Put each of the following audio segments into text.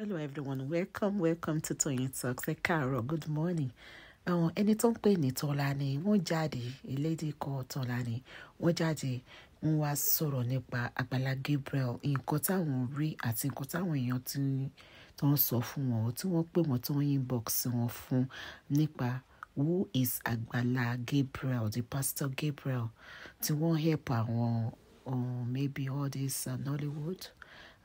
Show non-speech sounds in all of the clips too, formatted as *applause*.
hello everyone welcome welcome to Tony Talks ẹ káàárọ̀ good morning ẹni tó ń pè ní Tọ́lání wọ́n jáde a lady called Tọ́lání wọ́n jáde was wá sọ̀rọ̀ nípa Àgbàlá Gabriel nǹkan táwọn rí àti nǹkan táwọn èèyàn ti tó ń sọ fún wọn tí wọ́n pè wọ́n tó ń inbox wọn fún nípa who is Àgbàlá Gabriel the pastor Gabriel tí wọ́n help àwọn um, maybe all this uh, Nollywood.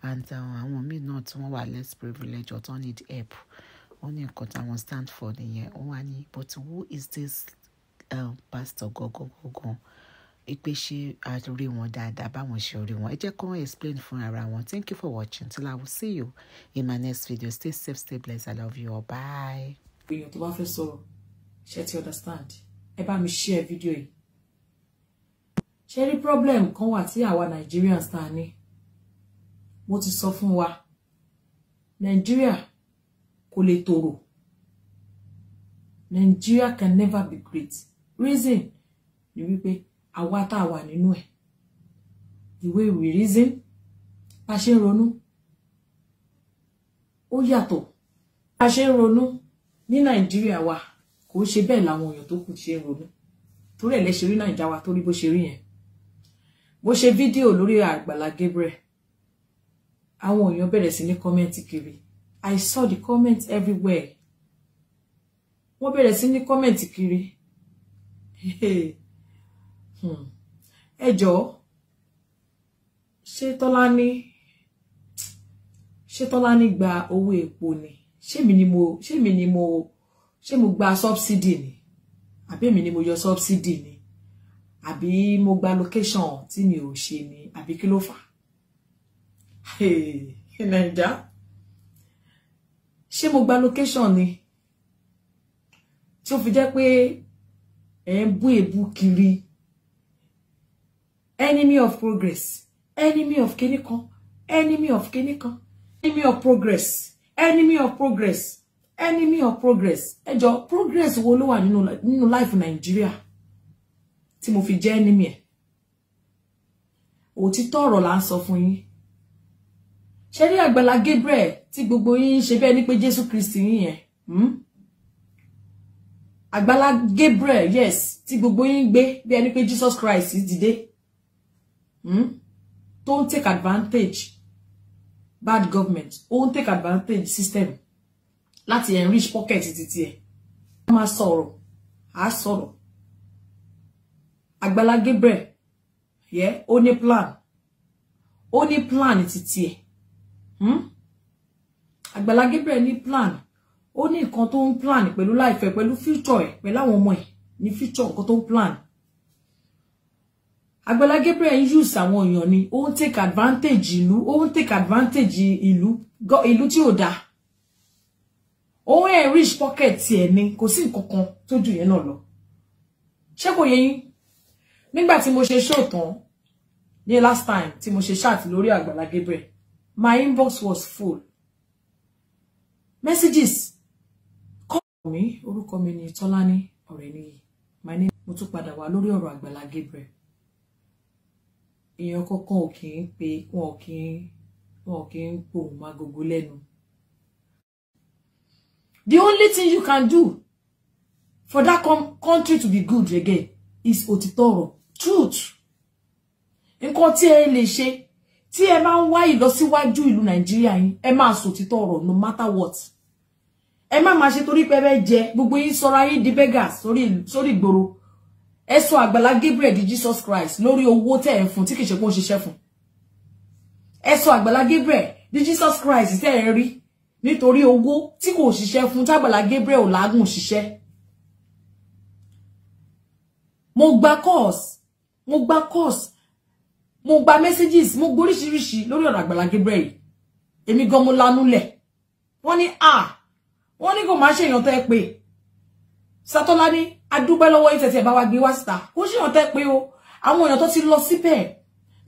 and uh, àwọn míì náà tí wọ́n wà less privilege or tó need help wọ́n ní nǹkan táwọn stand for nìyẹn wọ́n wá ní but who is this um, pastor gangan gangan ìpè ṣe àrí wọn dáadáa báwọn ṣe rí wọn ẹ jẹ́ kó explain fún ara wọn thank you for watching till i will see you in my next video stay safe stay blessed i love you all bye. èèyàn tó bá fẹ́ sọ̀rọ̀ ṣe ti understand ẹ bá mi share fídíò yìí ṣe rí problem kan wà tí àwa Nigerians ta ni mo ti sọ fún wa Nigeria kò lè tòrò Nigeria can never be great reason ni wípé àwa tá a wà nínú ẹ̀ the way we reason bá ṣe ń ronú ó yàtọ̀ bá ṣe ń ronú ní Nàìjíríà wa kò ṣe bẹ́ẹ̀ làwọn èèyàn tó kù ṣe ń ronú torí ẹ̀ lẹ́ṣẹ̀ rí Nàìjíríà wa torí bó ṣe rí yẹn mo ṣe fídíò lórí Àgbàlá Gabriel àwọn èèyàn bẹ̀rẹ̀ sí ní kọ́mẹ́ǹtì kiri I saw the comments everywhere wọ́n bẹ̀rẹ̀ sí ní kọ́mẹ̀ntì kiri *laughs* hmm. ẹ jọ̀ọ́ ṣé Tọ́lání ṣé Tọ́lání gba owó epo ni ṣémi ni mo ṣémi ni mo ṣé mo gba subsidy ni àbí èmi ni mo yọ subsidy ni àbí mo gba location tí mi ò ṣe ni àbí kí ló fà nàìjà ṣé mo gba location ni tí ó fi jẹ́ pé ẹ̀ ń bú èbú kiri enemy of progress enemy of kíní kan enemy of kíní kan enemy of progress enemy of progress enemy of progress ẹjọ progress wo ló wà nínú life Nàìjíríà tí mo fi jẹ́ enemy ẹ̀ òtítọ́ ọ̀rọ̀ là ń sọ fún yín ṣe rí àgbàlá Gabriel tí gbogbo yín ṣe bẹ́ẹ̀ ni pé Jésù Kristi yín yẹn hmm? àgbàlá Gabriel yes tí gbogbo yín gbé bí ẹni pé Jesus Christ dìde hmm? tó ń take advantage bad government ó ń take advantage system láti enrich pocket títí ẹ̀ wọ́n máa sọ̀rọ̀ á sọ̀rọ̀ àgbàlá Gabriel yẹ ó ní plan ó ní plan títí ẹ̀ Hmm? Àgbàlá Gabriel ní plan ó ní nǹkan tó ń plan pẹ̀lú life ẹ̀ pẹ̀lú future ẹ̀ pẹ̀lú àwọn ọmọ ẹ̀ ní future nǹkan tó ń plan Àgbàlá Gabriel ń use àwọn èèyàn ni ó ń take advantage ìlú ó ń take advantage ìlú ìlú tí ò dáa ó ń enrich pocket ẹ̀ ni kò sí nǹkan kan tó jù yẹn náà lọ ṣé kò yẹ yín nígbà tí mo ṣe show ní last time tí mo ṣe chat lórí Àgbàlá Gabriel My inbox was full. Messages. Call me. Orúkọ mi ni or any. My name Mutu tún lori wá lórí ọ̀rọ̀ Àgbàlá Gabriel. Èèyàn kankan ò kì pe wọn ò kì í wọn ò The only thing you can do for that country to be good again is otitoro truth. Nǹkan tí ẹ lè ṣe tí ẹ máa ń wá ìlọsíwájú ìlú nàìjíríà yín ẹ máa sòtítọ́ ọ̀rọ̀ no matter what ẹ má máa ṣe torí pé ẹ fẹ́ jẹ gbogbo yín sọra yín di bẹ́gà sórí ìgboro ẹ sọ àgbàlá Gabriel di Jesus Christ lórí owó tẹ́ ẹ̀ ń fún tí kìí ṣe pé ó ń ṣiṣẹ́ fún Gabriel di Jesus Christ tẹ́ ẹ̀ Nitori rí nítorí owó tí kò ṣiṣẹ́ fún tágbàlá Gabriel ò lágùn ṣiṣẹ́ mo gba course mo gba course mo gba messages mo gboríṣiríṣi lórí ọ̀nà Àgbàlá Gabriel èmi gan mo lanúlẹ̀ wọ́n ní à wọ́n ní kò máa ṣe èèyàn tẹ́ pé Sátọ́lá ní adúpẹ́ lọ́wọ́ yín tẹ̀tẹ̀ bá wa gbé wá síta kò ṣe èèyàn tẹ́ pé o àwọn èèyàn tó ti lọ síbẹ̀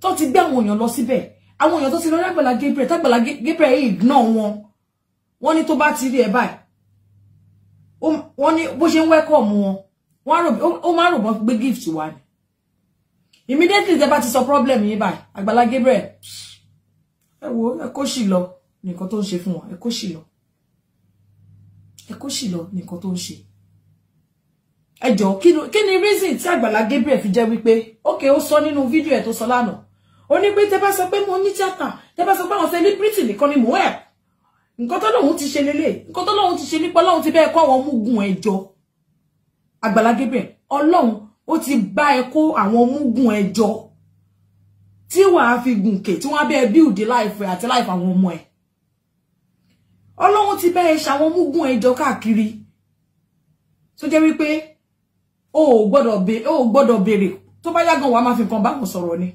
tó ti gbé àwọn èèyàn lọ síbẹ̀ àwọn èèyàn tó ti lọ rí Àgbàlá Gabriel tágbàlá Gabriel yìí ignore wọn wọ́n ní tó bá ti rí ẹ̀ báyìí wọ́n ní bó ṣe welcome wọn wọ́n á rò ó máa rò bọ́ gift wá ni immediately the bá ti problem yín báyìí Àgbàlá Gabriel ẹ wo ẹ kó sì lọ nìkan tó ń ṣe fún wọn ẹ kó sì lọ ẹ kó sì lọ nìkan tó ń ṣe ẹ jọ̀ọ́ reason tí Àgbàlá Gabriel fi jẹ́ wípé ókè okay, sọ nínú fídíò ẹ̀ tó sọ lánàá ó ní pé tẹ́ bá sọ pé mo ní tíátà tẹ́ bá sọ pé àwọn celebrity nìkan ni mò ń ẹ nǹkan tó ti ṣe lélẹ̀ nǹkan tó lóun ti ṣe nípa Ọlọ́run ti bẹ́ẹ̀ kó àwọn ọmọ ogun ẹ jọ Gabriel Ọlọ́run ó ti bá ẹ kó àwọn múgùn ẹjọ tí wàá fi gùnkè tí wọ́n á bẹ́ẹ̀ bíùdì láìfẹ́ àti láìfẹ́ àwọn ọmọ ẹ̀ ọlọ́run ti bẹ́ẹ̀ ṣàwọn múgùn ẹjọ káàkiri tó jẹ́ wípé o ò gbọ́dọ̀ béèrè tó bá yàgàn wàá máa fi nǹkan bá wọn sọ̀rọ̀ ni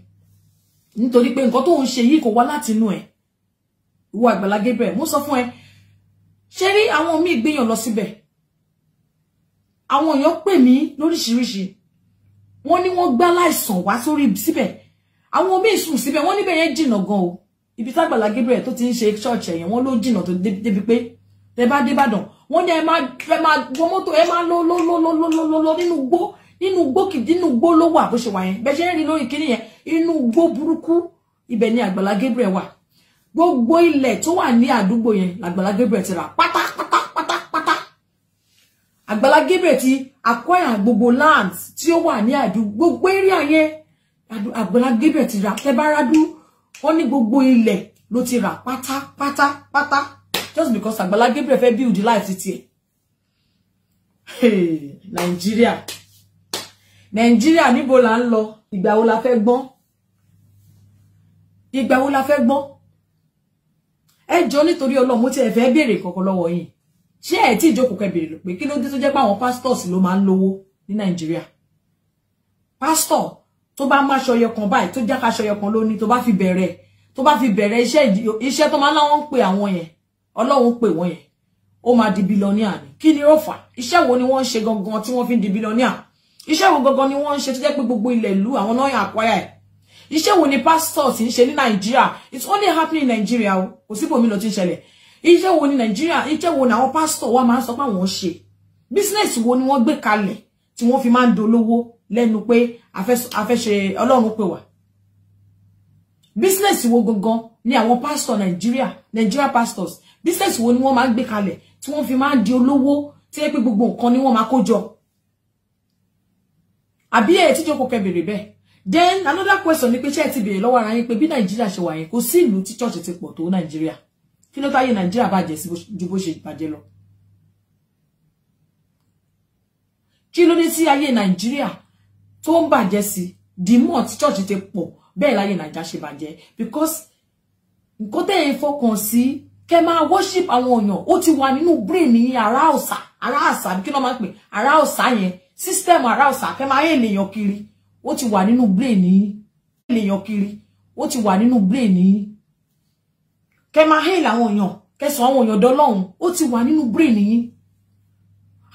nítorí pé nǹkan tó ń ṣe yìí kò wá látinú ẹ̀ ìwọ Àgbàlá Gabriel mo sọ fún ẹ ṣe rí àwọn míì gbéyàn lọ síbẹ̀ àwọn èèyàn pè mí lóríṣiríṣi wọ́n ní wọ́n gbá láìsàn wá sórí síbẹ̀ àwọn míì sùn síbẹ̀ wọ́n níbẹ̀ yẹn jìnnà gan o ibi tágbàlá Gabriel tó ti ń ṣe ṣọ́ọ̀ṣì ẹ̀yẹn wọ́n ló jìnnà tó débi pé tẹ bá dé Ìbàdàn wọ́n ní ẹ máa ẹ máa wọ mọ́tò ẹ máa lọ lọ lọ lọ lọ lọ lọ nínú gbó nínú gbó kìdí nínú gbó ló wà bó ṣe wà yẹn bẹ ṣe ń rí lórí kíní yẹn inú gbó burúkú ibẹ̀ ni e maa e wo moto e maa lo lo lo lo lo lo lo ninu gbo ninu gbo kidi ninu gbo lo wa bo se wa yen be se n ri lori kini yen inu gbo buruku ibe ni agbala Gabriel wà gbogbo ilẹ̀ tó wà ní àdúgbò yẹn làgbàlá Gabriel ti rà pátá Àgbàlá Gabriel ti acquire gbogbo lands tí ó wà ní adu gbogbo area yẹn Àgbàlá Gabriel ti rà tẹ́ bá radu wọ́n ní gbogbo ilẹ̀ ló ti rà pátá pátá pátá just because Àgbàlá Gabriel fẹ́ build life ti tiẹ̀ hey Nigeria, Nigeria, níbo là ń lọ ìgbà wo la fẹ́ gbọ́n ìgbà wo la fẹ́ gbọ́n ẹ jọ̀ọ́ nítorí Ọlọ́run mo ti ẹ̀ fẹ́ béèrè kọ̀ọ̀kan lọ́wọ́ ṣé ẹ tí ìjókòó kẹ bèrè pé kí ló dé tó jẹ́ pé àwọn pastors ló máa ń lówó ní nàìjíríà pastor tó bá má aṣọ yọkan báyìí tó jáka aṣọ yọkan lóní tó bá fi bẹ̀rẹ̀ tó bá fi bẹ̀rẹ̀ iṣẹ́ iṣẹ́ tó máa láwọn ń pè àwọn yẹn ọlọ́run pè wọ́n yẹn ó máa di bílọ́níà ni kí ni ó fà iṣẹ́ wo ni wọ́n ń ṣe gangan tí wọ́n fi di bílọ́níà iṣẹ́ wo gangan ni wọ́n ń ṣe tó jẹ́ pé gbogbo ilẹ̀ ìlú àwọn náà yàn àpáyà ẹ̀ iṣẹ́ wo ni pastors ń ṣe ní nàìjíríà it's only happening in Nigeria o kò síbòmí lọ ti ń ṣẹlẹ̀ iṣẹ́ wo ni nàìjíríà iṣẹ́ wo ni àwọn pásítọ̀ wa máa ń sọ pé àwọn ṣe business wo ni wọ́n gbé kalẹ̀ tí wọ́n fi máa ń dolówó lẹ́nu pé afẹ́ṣe ọlọ́run pè wá business wo gangan ni àwọn pásítọ̀ nàìjíríà nàìjíríà pastors business wo ni wọ́n máa ń gbé kalẹ̀ tí wọ́n fi máa ń di olówó tí pé gbogbo nǹkan ni wọ́n máa kó jọ àbí ẹ̀ tíjọ́ kò kẹ́ bẹ́ẹ̀ then another question ni pé ṣé ẹ ti bèrè lọ́wọ́ ara yín pé bí nàìjíríà ṣe wà yẹn kò sí ìlú tí church ti pọ̀ tó nàìjíríà kí ló táyé nàìjíríà bàjẹ́ sí ju bó ṣe bàjẹ́ lọ kí ló dé tí ayé nàìjíríà tó ń bàjẹ́ sí the more tí church ti pọ̀ bẹ́ẹ̀ láyé nàìjíríà ṣe bàjẹ́ because nǹkan tẹ́ ẹ fọkàn sí kẹ máa worship àwọn èèyàn ó ti wà nínú brain ní ara ọ̀sà ara àṣà kí ló máa ń pè ara ọ̀sà yẹn system ara ọ̀sà kẹ máa yé ènìyàn kiri ó ti wà nínú brain ní ènìyàn kiri ó ti wà nínú brain ní kẹ máa hail àwọn èèyàn kẹ sọ àwọn èèyàn dọlọ́run ó ti wà nínú brain yín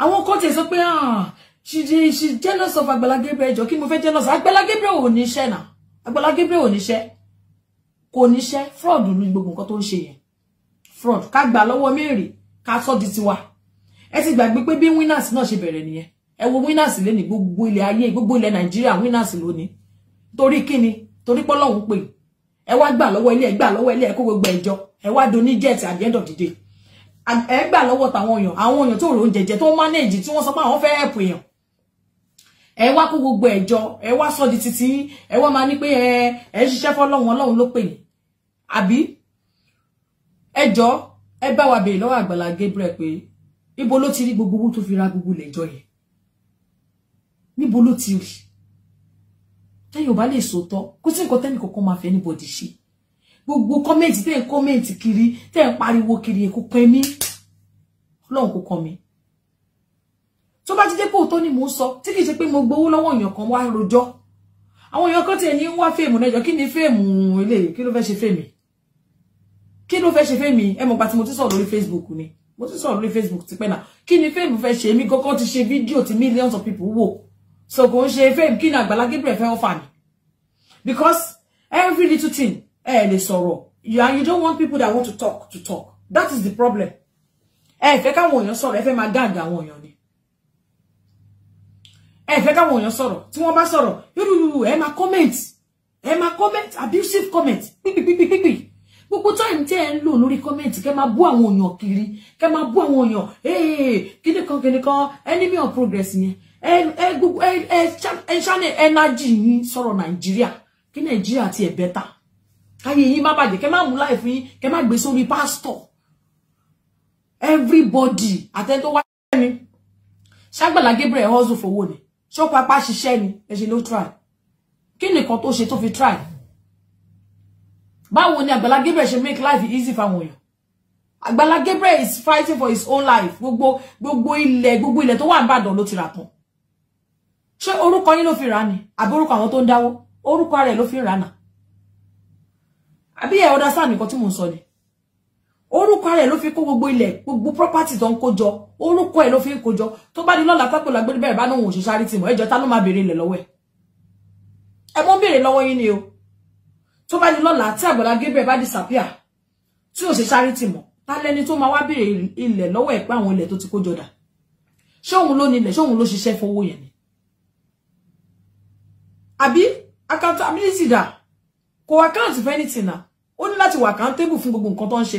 àwọn kan ti sọ pé ah she she jealous of Agbala Gabriel ẹjọ kí mo fẹ́ jealous Agbala Gabriel ò níṣẹ́ náà Agbala Gabriel ò níṣẹ́ kò níṣẹ́ fraud ní gbogbo nǹkan tó ń ṣe fraud ká gbà lọ́wọ́ Mary ká sọ di tiwa ẹ ti gbàgbé pé bí winners náà ṣe bẹ̀rẹ̀ nìyẹn ẹ wo winners lé ní gbogbo ilẹ̀ ayé gbogbo ilẹ̀ Nàìjíríà winners lónìí torí kini, torí pọ́lọ́hún pè é ẹ wá gbà lọ́wọ́ ilé ẹ gbà lọ́wọ́ ilé ẹ kó gbogbo ẹjọ́ ẹ wá do ní jet at the end of the day ẹ gbà lọ́wọ́ tàwọn èèyàn àwọn èèyàn tó rò ń jẹjẹ tó ń manage tí wọ́n sọ pé àwọn fẹ́ help èèyàn ẹ wá kó gbogbo ẹjọ́ ẹ wá sọ di títí ẹ wá máa ní pé ẹ ẹ ń ṣiṣẹ́ fọ́lọ́run Ọlọ́run ló pè yín àbí ẹjọ́ ẹ bá wa béèrè lọ́wọ́ Àgbàlá Gabriel pé ibo ló ti rí gbogbo owó tó fi ra gbogbo ilẹ̀ ìjọ yẹn níbo ló ti rí tẹ́yìn ò bá lè sòótọ́ kó sí nǹkan tẹ́nì kankan máa fẹ́ anybody ṣe gbogbo kọ́mẹ́ǹtì tẹ́ ń kọ́mẹ́ǹtì kiri tẹ́ ń pariwo kiri èkó kan mí ọlọ́run kò kàn mí tó bá ti jẹ́ pé òótọ́ ni mò ń sọ tí kì í ṣe pé mo gbowó lọ́wọ́ èèyàn kan wá rojọ́ àwọn èèyàn kan tiẹ̀ ní ń wá fèèmù náà jọ kí ni fèèmù ilé kí ló fẹ́ ṣe fèèmì kí ló fẹ́ ṣe fèèmì ẹ mọ̀ gbà tí mo ti sọ̀rọ̀ lórí Facebook ni mo ti sọ̀rọ̀ lórí Facebook tipẹ́ náà kí ni fèèmù fẹ́ ṣe mí gọ́gọ́ ti ṣe fídíò tí millions of people wò so kò ń ṣe fame kí ni Àgbàlá Gabriel fẹ́ offer ni because every little thing eh, lè sorrow. you and you don't want people that want to talk to talk that is the problem ẹ fẹ́ káwọn èèyàn sọ̀rọ̀ ẹ fẹ́ máa gáàgà àwọn èèyàn ni ẹ fẹ́ káwọn èèyàn sọ̀rọ̀ tí wọ́n bá sọ̀rọ̀ yúrùrù Eh, máa comment Eh, máa comment abusive comment pípípípípí gbogbo time tí ẹ ń lò lórí comment kẹ máa bú àwọn èèyàn kiri kẹ máa bú àwọn èèyàn ee kíni kan kíni kan enemy of progress yẹn ẹ ṣáné ẹnájì yín sọ̀rọ̀ nàìjíríà kí nàìjíríà ti ẹ̀ bẹ́tà káyé yín má bàjẹ́ kẹ́ má mú láì fún yín kẹ́ má gbé sórí pásítọ̀ everybody àtẹ́ tó wáyé ni ṣàgbàlá Gabriel hustle fowó ni ṣọ́pọ̀ apá ṣiṣẹ́ ni ẹ̀ṣẹ̀ ló try kí nìkan tó ṣe tó fi try báwo ni Àgbàlá Gabriel ṣe make life easy fáwọn èèyàn Àgbàlá Gabriel is fighting for his own life gbogbo gbogbo ilẹ̀ gbogbo ilẹ̀ tó wà ní Ìbàdàn ló ti rà tán ṣé orúkọ yín ló fi rà ní àbórúkọ àwọn tó ń dáwó orúkọ rẹ̀ ló fi rà náà àbí ẹ ọdá sáà nìkan tí mò ń sọ ni orúkọ rẹ̀ ló fi kó gbogbo ilẹ̀ gbogbo property tó ń kó jọ orúkọ ẹ̀ ló fi ń kó jọ tó bá di lọ́la pápò lágbélé bẹ̀rẹ̀ bá ní òun òṣìṣẹ́ àrítì mọ̀ ẹjọ́ ta ló máa béèrè ilẹ̀ lọ́wọ́ ẹ̀ ẹ mọ́ béèrè lọ́wọ́ yín ni o tó bá di lọ́la tí Àgbàlá Gabriel bá disappear tí òṣìṣẹ́ àrítì mọ̀ ta lẹni tó máa wá béèrè ilẹ̀ lọ́wọ́ ẹ̀ pé àwọn ilẹ̀ tó ti kó dà ṣé òun ló nílẹ̀ ṣé òun ló ṣiṣẹ́ fowó yẹn ni àbí accountability dà kò account for anything náà ó ní láti wà accountable fún gbogbo nǹkan tó ń ṣe